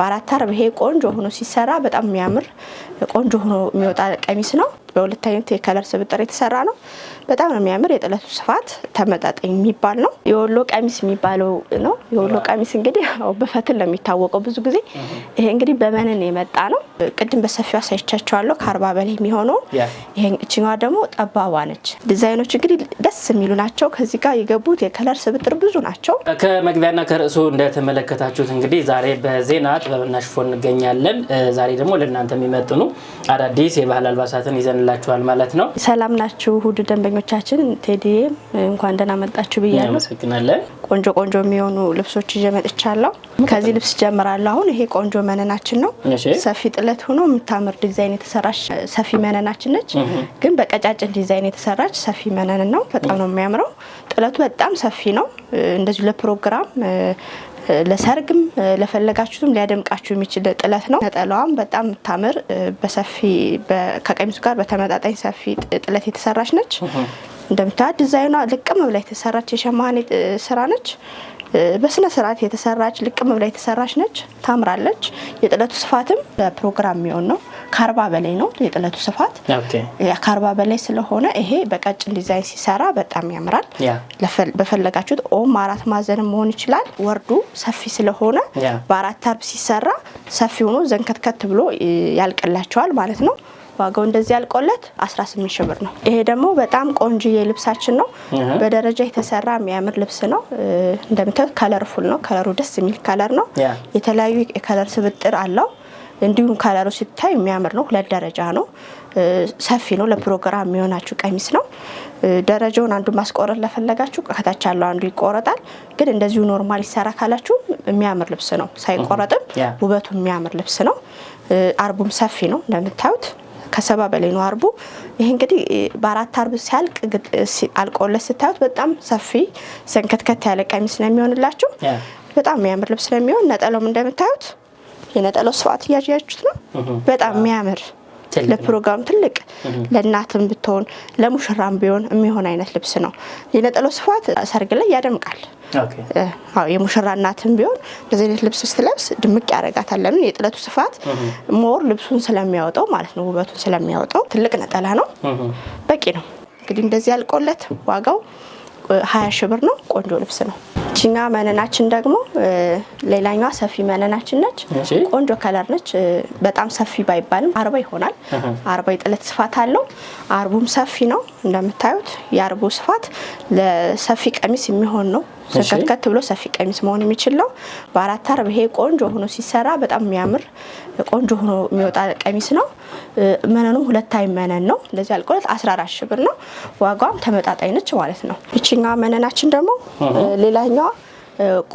በአራት አርብ ይሄ ቆንጆ ሆኖ ሲሰራ በጣም የሚያምር ቆንጆ ሆኖ የሚወጣ ቀሚስ ነው። በሁለት አይነት የከለር ስብጥር የተሰራ ነው። በጣም ነው የሚያምር። የጥለቱ ስፋት ተመጣጣኝ የሚባል ነው። የወሎ ቀሚስ የሚባለው ነው። የወሎ ቀሚስ እንግዲህ በፈትል ነው የሚታወቀው ብዙ ጊዜ። ይሄ እንግዲህ በመንን የመጣ ነው። ቅድም በሰፊው አሳይቻቸዋለሁ ከአርባ በላይ የሚሆነው። ይችኛዋ ደግሞ ጠባቧ ነች። ዲዛይኖች እንግዲህ ደስ የሚሉ ናቸው። ከዚህ ጋር የገቡት የከለር ስብጥር ብዙ ናቸው። ከመግቢያና ከርዕሱ እንደተመለከታችሁት እንግዲህ ዛሬ በዜና ጥበብና ሽፎን እንገኛለን። ዛሬ ደግሞ ለእናንተ የሚመጥኑ አዳዲስ የባህል አልባሳትን ይዘን ይሆንላችኋል ማለት ነው። ሰላም ናችሁ ውድ ደንበኞቻችን፣ ቴዲዬ እንኳን ደህና መጣችሁ ብያለሁ። አመሰግናለን። ቆንጆ ቆንጆ የሚሆኑ ልብሶች ይዤ መጥቻለሁ። ከዚህ ልብስ ጀምራለሁ። አሁን ይሄ ቆንጆ መነናችን ነው። ሰፊ ጥለት ሆኖ የምታምር ዲዛይን የተሰራች ሰፊ መነናችን ነች። ግን በቀጫጭን ዲዛይን የተሰራች ሰፊ መነን ነው። በጣም ነው የሚያምረው። ጥለቱ በጣም ሰፊ ነው። እንደዚሁ ለፕሮግራም ለሰርግም ለፈለጋችሁትም ሊያደምቃችሁ የሚችል ጥለት ነው። ነጠላዋም በጣም የምታምር በሰፊ ከቀሚሱ ጋር በተመጣጣኝ ሰፊ ጥለት የተሰራች ነች። እንደምታዩት ዲዛይኗ ልቅም ብላ የተሰራች የሸማኔ ስራ ነች። በስነ ስርዓት የተሰራች ልቅም ብላ የተሰራች ነች። ታምራለች። የጥለቱ ስፋትም ለፕሮግራም የሚሆን ነው። ከአርባ በላይ ነው የጥለቱ ስፋት ከአርባ በላይ ስለሆነ ይሄ በቀጭን ዲዛይን ሲሰራ በጣም ያምራል። በፈለጋችሁት ኦም አራት ማዘን መሆን ይችላል። ወርዱ ሰፊ ስለሆነ በአራት አርብ ሲሰራ ሰፊ ሆኖ ዘንከትከት ብሎ ያልቅላቸዋል ማለት ነው። ዋጋው እንደዚህ ያልቆለት 18 ሺህ ብር ነው። ይሄ ደግሞ በጣም ቆንጆ ልብሳችን ነው። በደረጃ የተሰራ የሚያምር ልብስ ነው። እንደምታዩት ከለርፉል ነው። ከለሩ ደስ የሚል ከለር ነው። የተለያዩ የከለር ስብጥር አለው። እንዲሁም ከለሩ ሲታይ የሚያምር ነው። ሁለት ደረጃ ነው። ሰፊ ነው። ለፕሮግራም የሚሆናችሁ ቀሚስ ነው። ደረጃውን አንዱ ማስቆረጥ ለፈለጋችሁ ከታች ያለው አንዱ ይቆረጣል። ግን እንደዚሁ ኖርማል ይሰራ ካላችሁ የሚያምር ልብስ ነው። ሳይቆረጥም ውበቱ የሚያምር ልብስ ነው። አርቡም ሰፊ ነው እንደምታዩት ከሰባ በላይ ነው አርቡ። ይህ እንግዲህ በአራት አርብ ሲያልቅ አልቆለት ስታዩት በጣም ሰፊ ሰንከትከት ያለ ቀሚስ ነው የሚሆንላችሁ። በጣም የሚያምር ልብስ ነው የሚሆን ነጠላውም እንደምታዩት የነጠላው ስፋት እያያችሁት ነው። በጣም የሚያምር ለፕሮግራም ትልቅ ለእናትም ብትሆን ለሙሽራም ቢሆን የሚሆን አይነት ልብስ ነው። የነጠላው ስፋት ሰርግ ላይ ያደምቃል። የሙሽራ እናትም ቢሆን እንደዚህ አይነት ልብስ ስትለብስ ድምቅ ያደርጋታል። ለምን የጥለቱ ስፋት ሞር ልብሱን ስለሚያወጣው ማለት ነው፣ ውበቱን ስለሚያወጣው ትልቅ ነጠላ ነው። በቂ ነው። እንግዲህ እንደዚህ ያልቆለት ዋጋው ሀያ ሺ ብር ነው። ቆንጆ ልብስ ነው። እችኛ መነናችን ደግሞ ሌላኛዋ ሰፊ መነናችን ነች። ቆንጆ ከለር ነች። በጣም ሰፊ ባይባልም አርባ ይሆናል። አርባ የጥለት ስፋት አለው። አርቡም ሰፊ ነው። እንደምታዩት የአርቡ ስፋት ለሰፊ ቀሚስ የሚሆን ነው። ከከት ብሎ ሰፊ ቀሚስ መሆን የሚችል ነው። በአራት አርብ ይሄ ቆንጆ ሆኖ ሲሰራ በጣም የሚያምር ቆንጆ ሆኖ የሚወጣ ቀሚስ ነው። መነኑም ሁለት አይ መነን ነው። እንደዚህ አልቆለት 14 ሺህ ብር ነው። ዋጋዋም ተመጣጣኝ ነች ማለት ነው። ይችኛ መነናችን ደግሞ ሌላኛዋ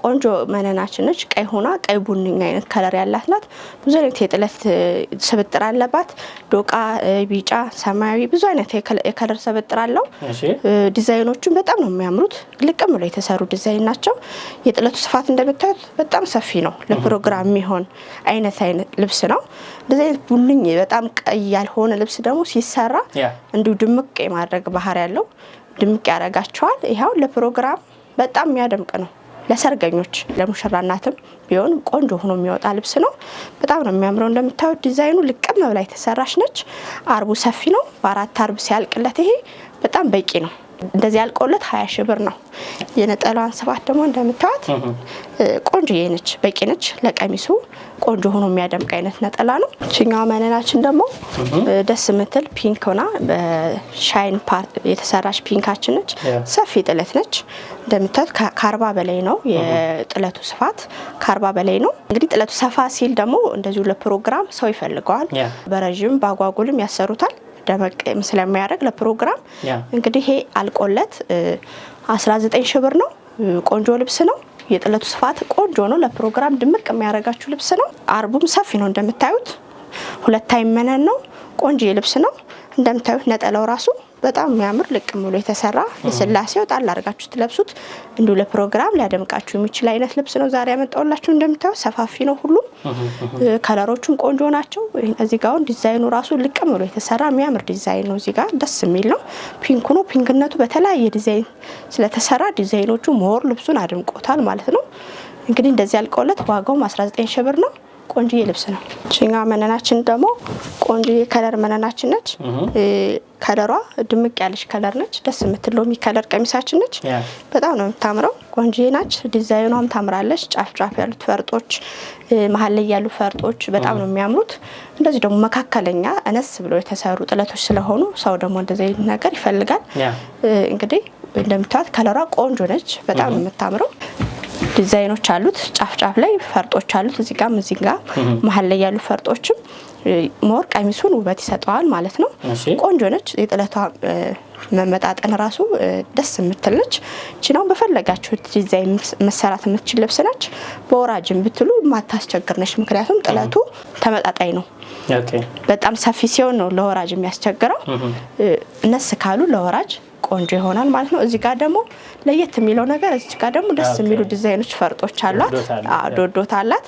ቆንጆ መነናችን ነች። ቀይ ሆና ቀይ ቡኒ አይነት ከለር ያላት ናት። ብዙ አይነት የጥለት ስብጥር አለባት። ዶቃ፣ ቢጫ፣ ሰማያዊ ብዙ አይነት የከለር ስብጥር አለው። ዲዛይኖቹን በጣም ነው የሚያምሩት። ልቅም ብሎ የተሰሩ ዲዛይን ናቸው። የጥለቱ ስፋት እንደምታዩት በጣም ሰፊ ነው። ለፕሮግራም የሚሆን አይነት አይነት ልብስ ነው። እንደዚህ አይነት ቡንኝ በጣም ቀይ ያልሆነ ልብስ ደግሞ ሲሰራ እንዲሁ ድምቅ የማድረግ ባህሪ ያለው ድምቅ ያደርጋቸዋል። ይኸው ለፕሮግራም በጣም የሚያደምቅ ነው። ለሰርገኞች ለሙሽራ እናትም ቢሆን ቆንጆ ሆኖ የሚወጣ ልብስ ነው። በጣም ነው የሚያምረው። እንደምታዩት ዲዛይኑ ልቅም ብላ የተሰራች ነች። አርቡ ሰፊ ነው። በአራት አርብ ሲያልቅለት ይሄ በጣም በቂ ነው። እንደዚህ ያልቀውለት ሀያ ሺህ ብር ነው። የነጠላዋን ስፋት ደግሞ እንደምታዩት ቆንጆ ነች፣ በቂ ነች። ለቀሚሱ ቆንጆ ሆኖ የሚያደምቅ አይነት ነጠላ ነው። ችኛዋ መነናችን ደግሞ ደስ የምትል ፒንክ ሆና በሻይን ፓርት የተሰራች ፒንካችን ነች። ሰፊ ጥለት ነች። እንደምታዩት ከአርባ በላይ ነው የጥለቱ ስፋት ከአርባ በላይ ነው። እንግዲህ ጥለቱ ሰፋ ሲል ደግሞ እንደዚሁ ለፕሮግራም ሰው ይፈልገዋል። በረዥም በአጓጉልም ያሰሩታል ደመቅ ስለሚያደርግ ለፕሮግራም እንግዲህ ይሄ አልቆለት 19 ሺህ ብር ነው። ቆንጆ ልብስ ነው። የጥለቱ ስፋት ቆንጆ ነው። ለፕሮግራም ድምቅ የሚያደርጋችሁ ልብስ ነው። አርቡም ሰፊ ነው እንደምታዩት ሁለት አይመነን ነው። ቆንጆ ልብስ ነው እንደምታዩት ነጠላው ራሱ በጣም የሚያምር ልቅም ብሎ የተሰራ የስላሴው ጣል አድርጋችሁ ትለብሱት እንዲሁ ለፕሮግራም ሊያደምቃችሁ የሚችል አይነት ልብስ ነው ዛሬ ያመጣውላችሁ። እንደምታዩት ሰፋፊ ነው ሁሉም ከለሮቹም ቆንጆ ናቸው። እዚህ ጋር አሁን ዲዛይኑ ራሱ ልቅም ብሎ የተሰራ የሚያምር ዲዛይን ነው። እዚህ ደስ የሚል ነው። ፒንኩ ነው። ፒንክነቱ በተለያየ ዲዛይን ስለተሰራ ዲዛይኖቹ ሞር ልብሱን አድምቆታል ማለት ነው። እንግዲህ እንደዚህ ያልቀውለት ዋጋውም 19 ሺህ ብር ነው። ቆንጆዬ ልብስ ነው። እችኛ መነናችን ደግሞ ቆንጆዬ ከለር መነናችን ነች። ከለሯ ድምቅ ያለች ከለር ነች። ደስ የምትል ሎሚ ከለር ቀሚሳችን ነች። በጣም ነው የምታምረው። ቆንጆዬ ናች። ዲዛይኗም ታምራለች። ጫፍ ጫፍ ያሉት ፈርጦች፣ መሀል ላይ ያሉ ፈርጦች በጣም ነው የሚያምሩት። እንደዚህ ደግሞ መካከለኛ እነስ ብሎ የተሰሩ ጥለቶች ስለሆኑ ሰው ደግሞ እንደዚህ ነገር ይፈልጋል። እንግዲህ እንደምታዩት ከለሯ ቆንጆ ነች። በጣም ነው የምታምረው። ዲዛይኖች አሉት። ጫፍ ጫፍ ላይ ፈርጦች አሉት። እዚህ ጋም እዚህ ጋር መሀል ላይ ያሉ ፈርጦችም ሞር ቀሚሱን ውበት ይሰጠዋል ማለት ነው። ቆንጆ ነች። የጥለቷ መመጣጠን ራሱ ደስ የምትል ነች። ችናው በፈለጋችሁት ዲዛይን መሰራት የምትችል ልብስ ነች። በወራጅም ብትሉ ማታስቸግር ነች። ምክንያቱም ጥለቱ ተመጣጣኝ ነው። በጣም ሰፊ ሲሆን ነው ለወራጅ የሚያስቸግረው። እነስ ካሉ ለወራጅ ቆንጆ ይሆናል ማለት ነው። እዚህ ጋር ደግሞ ለየት የሚለው ነገር እዚህ ጋር ደግሞ ደስ የሚሉ ዲዛይኖች ፈርጦች አሏት፣ ዶዶት አላት።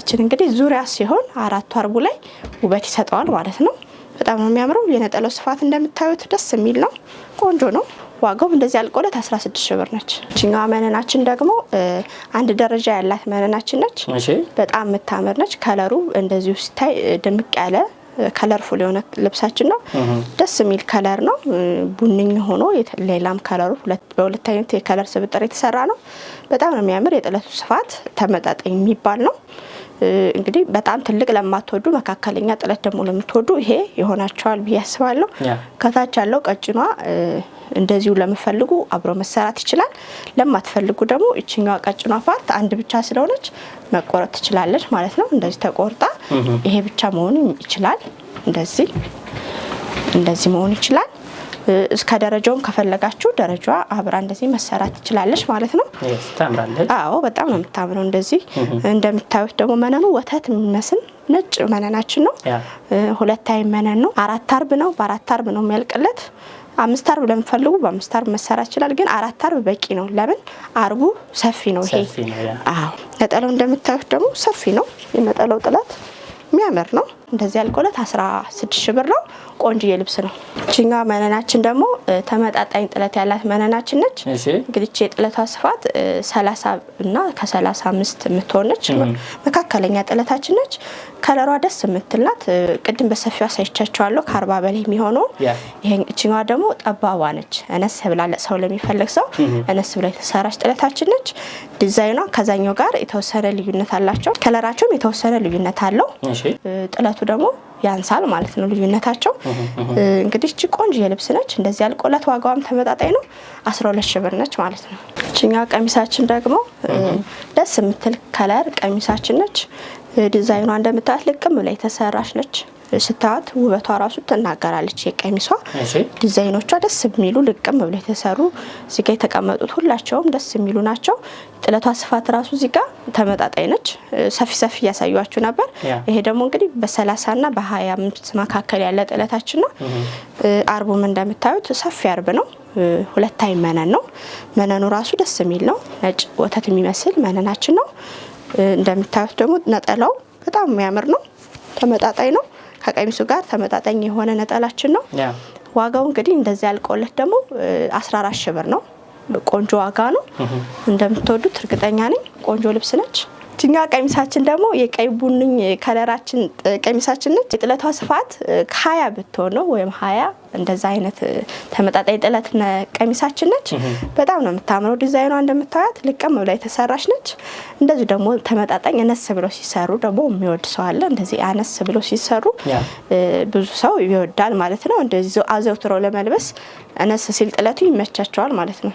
እችን እንግዲህ ዙሪያ ሲሆን አራቱ አርቡ ላይ ውበት ይሰጠዋል ማለት ነው። በጣም ነው የሚያምረው። የነጠላው ስፋት እንደምታዩት ደስ የሚል ነው፣ ቆንጆ ነው። ዋጋው እንደዚህ አልቆለት 16 ሺህ ብር ነች። እችኛዋ መነናችን ደግሞ አንድ ደረጃ ያላት መነናችን ነች። በጣም የምታምር ነች። ከለሩ እንደዚሁ ሲታይ ድምቅ ያለ ከለርፉል የሆነ ልብሳችን ነው። ደስ የሚል ከለር ነው። ቡኒኝ ሆኖ ሌላም ከለሩ በሁለት አይነት የከለር ስብጥር የተሰራ ነው። በጣም ነው የሚያምር። የጥለቱ ስፋት ተመጣጣኝ የሚባል ነው። እንግዲህ በጣም ትልቅ ለማትወዱ መካከለኛ ጥለት ደግሞ ለምትወዱ ይሄ ይሆናቸዋል ብዬ አስባለሁ። ከታች ያለው ቀጭኗ እንደዚሁ ለምፈልጉ አብሮ መሰራት ይችላል። ለማትፈልጉ ደግሞ እችኛዋ ቀጭኗ ፓርት አንድ ብቻ ስለሆነች መቆረጥ ትችላለች ማለት ነው። እንደዚህ ተቆርጣ ይሄ ብቻ መሆኑ ይችላል። እንደዚህ እንደዚህ መሆን ይችላል። እስከ ደረጃውን ከፈለጋችሁ ደረጃዋ አብራ እንደዚህ መሰራት ትችላለች ማለት ነው። አዎ በጣም ነው የምታምረው። እንደዚህ እንደምታዩት ደግሞ መነኑ ወተት የሚመስል ነጭ መነናችን ነው። ሁለት አይ መነን ነው። አራት አርብ ነው። በአራት አርብ ነው የሚያልቅለት። አምስት አርብ ለምፈልጉ በአምስት አርብ መሰራት ይችላል፣ ግን አራት አርብ በቂ ነው። ለምን አርቡ ሰፊ ነው። ይሄ ነጠላው እንደምታዩት ደግሞ ሰፊ ነው። የነጠላው ጥለት የሚያምር ነው። እንደዚህ ያልቆለት 16 ሺህ ብር ነው። ቆንጆ የልብስ ነው። እቺኛ መነናችን ደግሞ ተመጣጣኝ ጥለት ያላት መነናችን ነች። እንግዲህ የጥለቷ ስፋት 30 እና ከ35 የምትሆን መካከለኛ ጥለታችን ነች። ከለሯ ደስ የምትልናት ቅድም በሰፊው አሳይቻቸዋለሁ ከአርባ በላይ የሚሆነውን። ይህችኛዋ ደግሞ ጠባቧ ነች። እነስ ብላ ሰው ለሚፈልግ ሰው እነስ ብላ የተሰራች ጥለታችን ነች። ዲዛይኗ ከዛኛው ጋር የተወሰነ ልዩነት አላቸው። ከለራቸውም የተወሰነ ልዩነት አለው ጥለቱ በሰዓቱ ደግሞ ያንሳል ማለት ነው ልዩነታቸው። እንግዲህ እቺ ቆንጆ የልብስ ነች። እንደዚህ ያልቆላት ዋጋዋም ተመጣጣኝ ነው። አስራ ሁለት ሺህ ብር ነች ማለት ነው። እችኛ ቀሚሳችን ደግሞ ደስ የምትል ከለር ቀሚሳችን ነች። ዲዛይኗ እንደምታያት ልቅም ብላ የተሰራች ነች። ስታት ውበቷ ራሱ ትናገራለች። የቀሚሷ ዲዛይኖቿ ደስ የሚሉ ልቅም ብሎ የተሰሩ እዚጋ የተቀመጡት ሁላቸውም ደስ የሚሉ ናቸው። ጥለቷ ስፋት ራሱ እዚጋ ተመጣጣኝ ነች። ሰፊ ሰፊ እያሳዩችሁ ነበር። ይሄ ደግሞ እንግዲህ በሰላሳና በሀያ አምስት መካከል ያለ ጥለታችን ነው። አርቡም እንደምታዩት ሰፊ አርብ ነው። ሁለታይ መነን ነው። መነኑ ራሱ ደስ የሚል ነው። ነጭ ወተት የሚመስል መነናችን ነው። እንደምታዩት ደግሞ ነጠላው በጣም የሚያምር ነው። ተመጣጣኝ ነው። ከቀሚሱ ጋር ተመጣጣኝ የሆነ ነጠላችን ነው። ዋጋው እንግዲህ እንደዚህ ያልቆለት ደግሞ 14 ሽብር ብር ነው። ቆንጆ ዋጋ ነው። እንደምትወዱት እርግጠኛ ነኝ። ቆንጆ ልብስ ነች። እኛ ቀሚሳችን ደግሞ የቀይ ቡኒ ከለራችን ቀሚሳችን ነች። የጥለቷ ስፋት ከሀያ ብትሆን ነው ወይም ሀያ እንደዛ አይነት ተመጣጣኝ ጥለት ቀሚሳችን ነች። በጣም ነው የምታምረው። ዲዛይኗ እንደምታያት ልቅም ብላ የተሰራች ነች። እንደዚሁ ደግሞ ተመጣጣኝ አነስ ብለው ሲሰሩ ደግሞ የሚወድ ሰው አለ። እንደዚህ አነስ ብለው ሲሰሩ ብዙ ሰው ይወዳል ማለት ነው። እንደዚህ አዘውትረው ለመልበስ አነስ ሲል ጥለቱ ይመቻቸዋል ማለት ነው።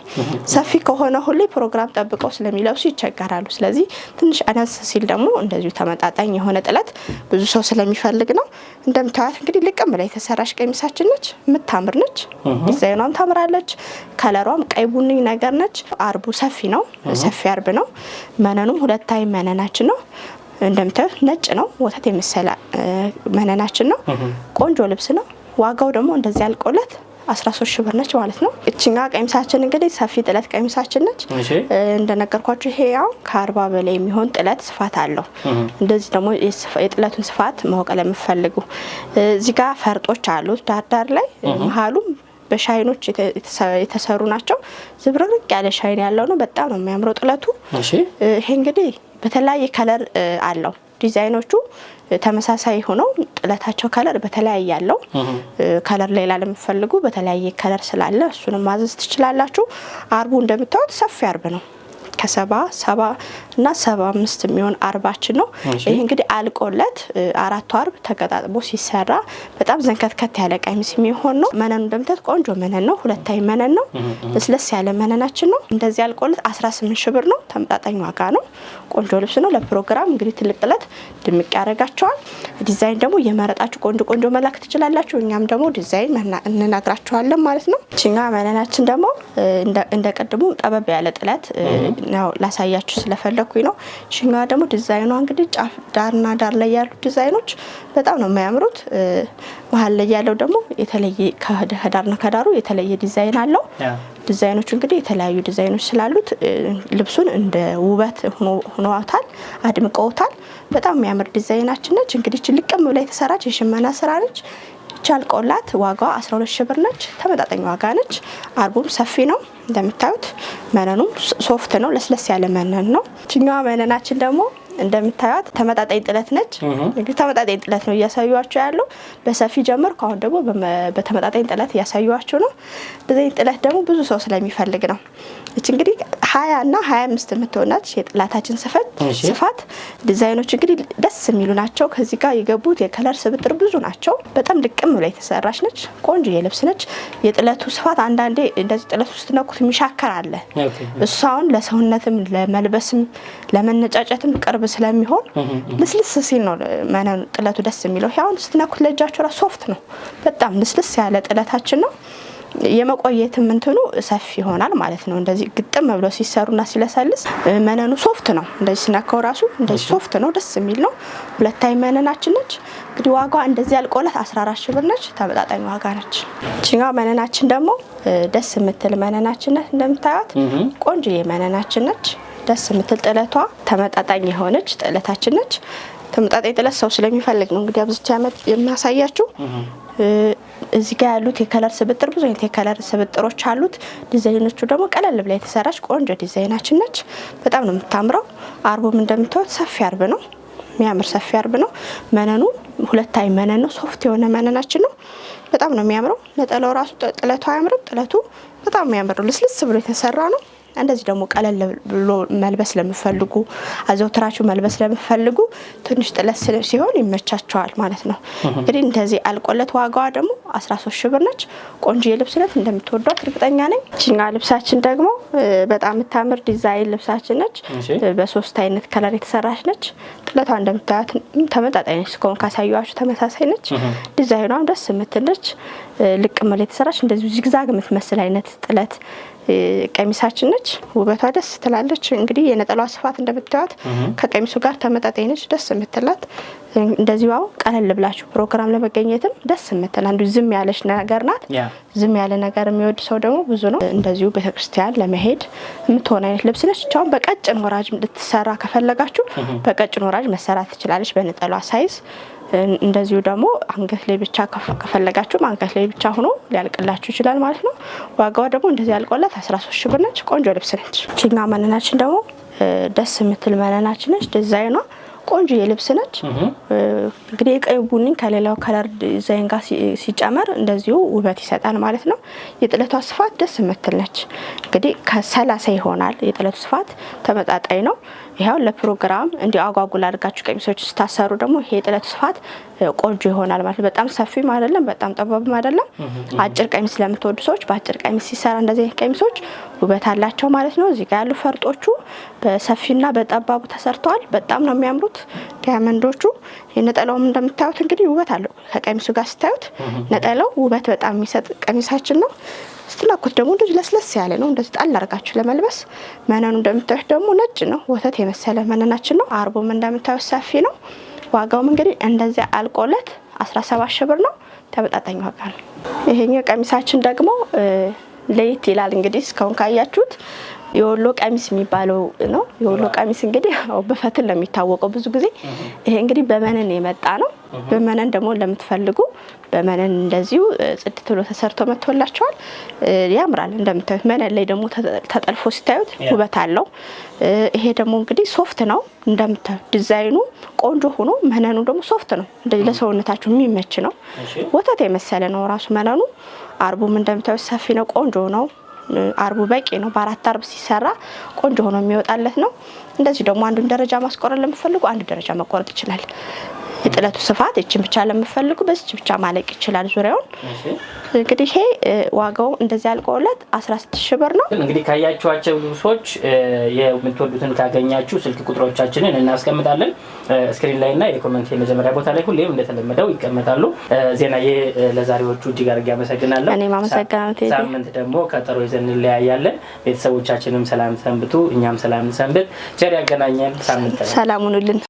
ሰፊ ከሆነ ሁሌ ፕሮግራም ጠብቀው ስለሚለብሱ ይቸገራሉ። ስለዚህ ትንሽ አነስ ሲል ደግሞ እንደዚሁ ተመጣጣኝ የሆነ ጥለት ብዙ ሰው ስለሚፈልግ ነው። እንደምታያት እንግዲህ ልቅም ላይ የተሰራች ቀሚሳችን ነች። የምታምር ነች። ዲዛይኗም ታምራለች። ከለሯም ቀይ ቡኒ ነገር ነች። አርቡ ሰፊ ነው፣ ሰፊ አርብ ነው። መነኑም ሁለታዊ መነናችን ነው። እንደምታዩት ነጭ ነው፣ ወተት የመሰለ መነናችን ነው። ቆንጆ ልብስ ነው። ዋጋው ደግሞ እንደዚህ ያልቆለት 13 ሺህ ብር ነች ማለት ነው። እችኛ ቀሚሳችን እንግዲህ ሰፊ ጥለት ቀሚሳችን ነች። እንደነገርኳችሁ ይሄ ያው ከአርባ በላይ የሚሆን ጥለት ስፋት አለው። እንደዚህ ደግሞ የጥለቱን ስፋት ማወቅ ለምፈልጉ እዚህ ጋር ፈርጦች አሉት ዳርዳር ላይ መሀሉም በሻይኖች የተሰሩ ናቸው። ዝብርቅርቅ ያለ ሻይን ያለው ነው። በጣም ነው የሚያምረው ጥለቱ። ይሄ እንግዲህ በተለያየ ከለር አለው ዲዛይኖቹ ተመሳሳይ ሆነው ጥለታቸው ከለር በተለያየ ያለው ከለር ሌላ ለምትፈልጉ በተለያየ ከለር ስላለ እሱንም ማዘዝ ትችላላችሁ። አርቡ እንደምታዩት ሰፊ አርብ ነው። ከሰባ ሰባ እና ሰባ አምስት የሚሆን አርባችን ነው። ይህ እንግዲህ አልቆለት አራቱ አርብ ተቀጣጥቦ ሲሰራ በጣም ዘንከትከት ያለ ቀሚስ የሚሆን ነው። መነኑ እንደምታት ቆንጆ መነን ነው። ሁለታዊ መነን ነው። ለስለስ ያለ መነናችን ነው። እንደዚህ አልቆለት 18 ሺ ብር ነው። ተመጣጣኝ ዋጋ ነው። ቆንጆ ልብስ ነው። ለፕሮግራም እንግዲህ ትልቅ ጥለት ድምቅ ያደርጋቸዋል። ዲዛይን ደግሞ እየመረጣችሁ ቆንጆ ቆንጆ መላክ ትችላላችሁ። እኛም ደግሞ ዲዛይን እንነግራችኋለን ማለት ነው። ችኛ መነናችን ደግሞ እንደ ቅድሙ ጠበብ ያለ ጥለት ነው ላሳያችሁ ስለፈለግኩኝ ነው። ሽኛዋ ደግሞ ዲዛይኗ እንግዲህ ጫፍ ዳርና ዳር ላይ ያሉ ዲዛይኖች በጣም ነው የሚያምሩት። መሀል ላይ ያለው ደግሞ የተለየ ከዳርና ከዳሩ የተለየ ዲዛይን አለው። ዲዛይኖች እንግዲህ የተለያዩ ዲዛይኖች ስላሉት ልብሱን እንደ ውበት ሆኖታል። አድምቀውታል። በጣም የሚያምር ዲዛይናችን ነች። እንግዲህ ልቅም ብላ የተሰራች የሽመና ስራ ነች። ቻልቆላት ዋጋዋ 12 ሽብር ብር ነች። ተመጣጣኝ ዋጋ ነች። አርቡም ሰፊ ነው እንደምታዩት። መነኑም ሶፍት ነው፣ ለስለስ ያለ መነን ነው። ችኛዋ መነናችን ደግሞ እንደምታዩት ተመጣጣኝ ጥለት ነች። እንግዲህ ተመጣጣኝ ጥለት ነው እያሳዩዋችሁ ያለው። በሰፊ ጀምር ከአሁን ደግሞ በተመጣጣኝ ጥለት እያሳዩዋችሁ ነው። እንደዚህ ጥለት ደግሞ ብዙ ሰው ስለሚፈልግ ነው። እች እንግዲህ ሀያ እና ሀያ አምስት የምትሆናች የጥላታችን ስፈት ስፋት ዲዛይኖች እንግዲህ ደስ የሚሉ ናቸው። ከዚህ ጋር የገቡት የከለር ስብጥር ብዙ ናቸው። በጣም ልቅም ብላ የተሰራች ነች። ቆንጆ የልብስ ነች። የጥለቱ ስፋት አንዳንዴ እንደዚህ ጥለቱ ስትነኩት የሚሻከር አለ። እሷ አሁን ለሰውነትም ለመልበስም ለመነጫጨትም ቅርብ ቅርብ ስለሚሆን ልስልስ ሲል ነው ጥለቱ ደስ የሚለው። አሁን ስትነኩት ለእጃቸው ራሱ ሶፍት ነው፣ በጣም ልስልስ ያለ ጥለታችን ነው። የመቆየትም እንትኑ ሰፊ ይሆናል ማለት ነው። እንደዚህ ግጥም ብሎ ሲሰሩና ሲለሰልስ መነኑ ሶፍት ነው። እንደዚህ ሲነካው ራሱ እንደዚህ ሶፍት ነው፣ ደስ የሚል ነው። ሁለታዊ መነናችን ነች። እንግዲህ ዋጋ እንደዚህ ያልቆለት 14 ሺህ ብር ነች። ተመጣጣኝ ዋጋ ነች። ችኛው መነናችን ደግሞ ደስ የምትል መነናችን ነች። እንደምታያት ቆንጆ መነናችን ነች። ደስ የምትል ጥለቷ ተመጣጣኝ የሆነች ጥለታችን ነች። ተመጣጣኝ ጥለት ሰው ስለሚፈልግ ነው እንግዲህ አብዝቻ የሚያሳያችሁ። እዚህ ጋር ያሉት የከለር ስብጥር ብዙ አይነት የከለር ስብጥሮች አሉት። ዲዛይኖቹ ደግሞ ቀለል ብላ የተሰራች ቆንጆ ዲዛይናችን ነች። በጣም ነው የምታምረው። አርቡም እንደምታዩት ሰፊ አርብ ነው፣ የሚያምር ሰፊ አርብ ነው። መነኑ ሁለት አይ መነን ነው፣ ሶፍት የሆነ መነናችን ነው። በጣም ነው የሚያምረው። ነጠላው ራሱ ጥለቱ አያምርም? ጥለቱ በጣም የሚያምር ልስልስ ብሎ የተሰራ ነው። እንደዚህ ደግሞ ቀለል ብሎ መልበስ ለምፈልጉ አዘውትራችሁ መልበስ ለምፈልጉ ትንሽ ጥለት ሲሆን ይመቻቸዋል ማለት ነው። እንግዲህ እንደዚህ አልቆለት ዋጋዋ ደግሞ 13 ሺ ብር ነች። ቆንጆ የልብስ ነት እንደምትወዷት እርግጠኛ ነኝ። ችኛ ልብሳችን ደግሞ በጣም የምታምር ዲዛይን ልብሳችን ነች። በሶስት አይነት ከለር የተሰራች ነች። ጥለቷ እንደምታያት ተመጣጣኝ ነች። እስካሁን ካሳየዋችሁ ተመሳሳይ ነች። ዲዛይኗም ደስ የምትል ነች። መል የተሰራች እንደዚሁ ዚግዛግ የምትመስል አይነት ጥለት ቀሚሳችን ነች። ውበቷ ደስ ትላለች። እንግዲህ የነጠሏ ስፋት እንደምታዩት ከቀሚሱ ጋር ተመጣጣኝ ነች። ደስ የምትላት እንደዚዋው ቀለል ብላችሁ ፕሮግራም ለመገኘትም ደስ የምትል አንዱ ዝም ያለች ነገር ናት። ዝም ያለ ነገር የሚወድ ሰው ደግሞ ብዙ ነው። እንደዚሁ ቤተክርስቲያን ለመሄድ የምትሆን አይነት ልብስ ነች። ብቻውን በቀጭን ወራጅ ልትሰራ ከፈለጋችሁ በቀጭን ወራጅ መሰራት ትችላለች በነጠሏ ሳይዝ እንደዚሁ ደግሞ አንገት ላይ ብቻ ከፈለጋችሁም አንገት ላይ ብቻ ሆኖ ሊያልቅላችሁ ይችላል ማለት ነው። ዋጋዋ ደግሞ እንደዚህ ያልቆላት 13 ሺ ብር ነች። ቆንጆ ልብስ ነች። ችኛ መነናችን ደግሞ ደስ የምትል መነናችን ነች። ዲዛይኗ ቆንጆ የልብስ ነች። እንግዲህ የቀይ ቡኒ ከሌላው ከለር ዲዛይን ጋር ሲጨመር እንደዚሁ ውበት ይሰጣል ማለት ነው። የጥለቷ ስፋት ደስ የምትል ነች። እንግዲህ ከሰላሳ ይሆናል የጥለቱ ስፋት ተመጣጣኝ ነው። ይኸው ለፕሮግራም እንዲ አጓጉል አድርጋችሁ ቀሚሶች ስታሰሩ ደግሞ ይሄ የጥለቱ ስፋት ቆንጆ ይሆናል ማለት ነው። በጣም ሰፊም አይደለም፣ በጣም ጠባብም አይደለም። አጭር ቀሚስ ለምትወዱ ሰዎች በአጭር ቀሚስ ሲሰራ እንደዚህ አይነት ቀሚሶች ውበት አላቸው ማለት ነው። እዚህ ጋር ያሉ ፈርጦቹ በሰፊና በጠባቡ ተሰርተዋል። በጣም ነው የሚያምሩት ዲያመንዶቹ። የነጠላውም እንደምታዩት እንግዲህ ውበት አለው። ከቀሚሱ ጋር ስታዩት ነጠላው ውበት በጣም የሚሰጥ ቀሚሳችን ነው። ስትላኩት ደግሞ እንደዚህ ለስለስ ያለ ነው። እንደዚህ ጣል አድርጋችሁ ለመልበስ መነኑ እንደምታዩት ደግሞ ነጭ ነው። ወተት የመሰለ መነናችን ነው። አርቡም እንደምታዩት ሰፊ ነው። ዋጋውም እንግዲህ እንደዚያ አልቆለት 17 ሺህ ብር ነው። ተመጣጣኝ ዋጋ ነው። ይሄኛው ቀሚሳችን ደግሞ ለየት ይላል እንግዲህ እስካሁን ካያችሁት የወሎ ቀሚስ የሚባለው ነው። የወሎ ቀሚስ እንግዲህ በፈትል ነው የሚታወቀው ብዙ ጊዜ። ይሄ እንግዲህ በመነን የመጣ ነው። በመነን ደግሞ ለምትፈልጉ በመነን እንደዚሁ ጽድት ብሎ ተሰርቶ መጥቶላቸዋል። ያምራል እንደምታዩት። መነን ላይ ደግሞ ተጠልፎ ሲታዩት ውበት አለው። ይሄ ደግሞ እንግዲህ ሶፍት ነው እንደምታዩት። ዲዛይኑ ቆንጆ ሆኖ መነኑ ደግሞ ሶፍት ነው። እንደዚህ ለሰውነታችሁ የሚመች ነው። ወተት የመሰለ ነው ራሱ መነኑ። አርቡም እንደምታዩት ሰፊ ነው። ቆንጆ ነው። አርቡ በቂ ነው። በአራት አርብ ሲሰራ ቆንጆ ሆኖ የሚወጣለት ነው። እንደዚህ ደግሞ አንዱን ደረጃ ማስቆረጥ ለምፈልጉ አንድ ደረጃ መቆረጥ ይችላል። የጥለቱ ስፋት እችን ብቻ ለምፈልጉ በዚች ብቻ ማለቅ ይችላል። ዙሪያውን እንግዲህ ይሄ ዋጋው እንደዚህ ያልቀውለት 16 ሺ ብር ነው። እንግዲህ ካያችኋቸው ልብሶች የምትወዱትን ካገኛችሁ ስልክ ቁጥሮቻችንን እናስቀምጣለን ስክሪን ላይ እና የኮመንት የመጀመሪያ ቦታ ላይ ሁሌም እንደተለመደው ይቀመጣሉ። ዜናዬ ለዛሬዎቹ እጅግ አድርጌ አመሰግናለሁ። እኔም አመሰግናለሁ። ሳምንት ደግሞ ቀጠሮ ይዘን እንለያያለን። ቤተሰቦቻችንም ሰላም ሰንብቱ፣ እኛም ሰላም ሰንብት። ቸር ያገናኘን። ሳምንት ሰላም ሁኑልን።